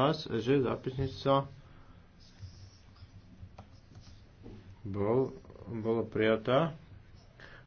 vás, že zápisnica bol, bola prijatá.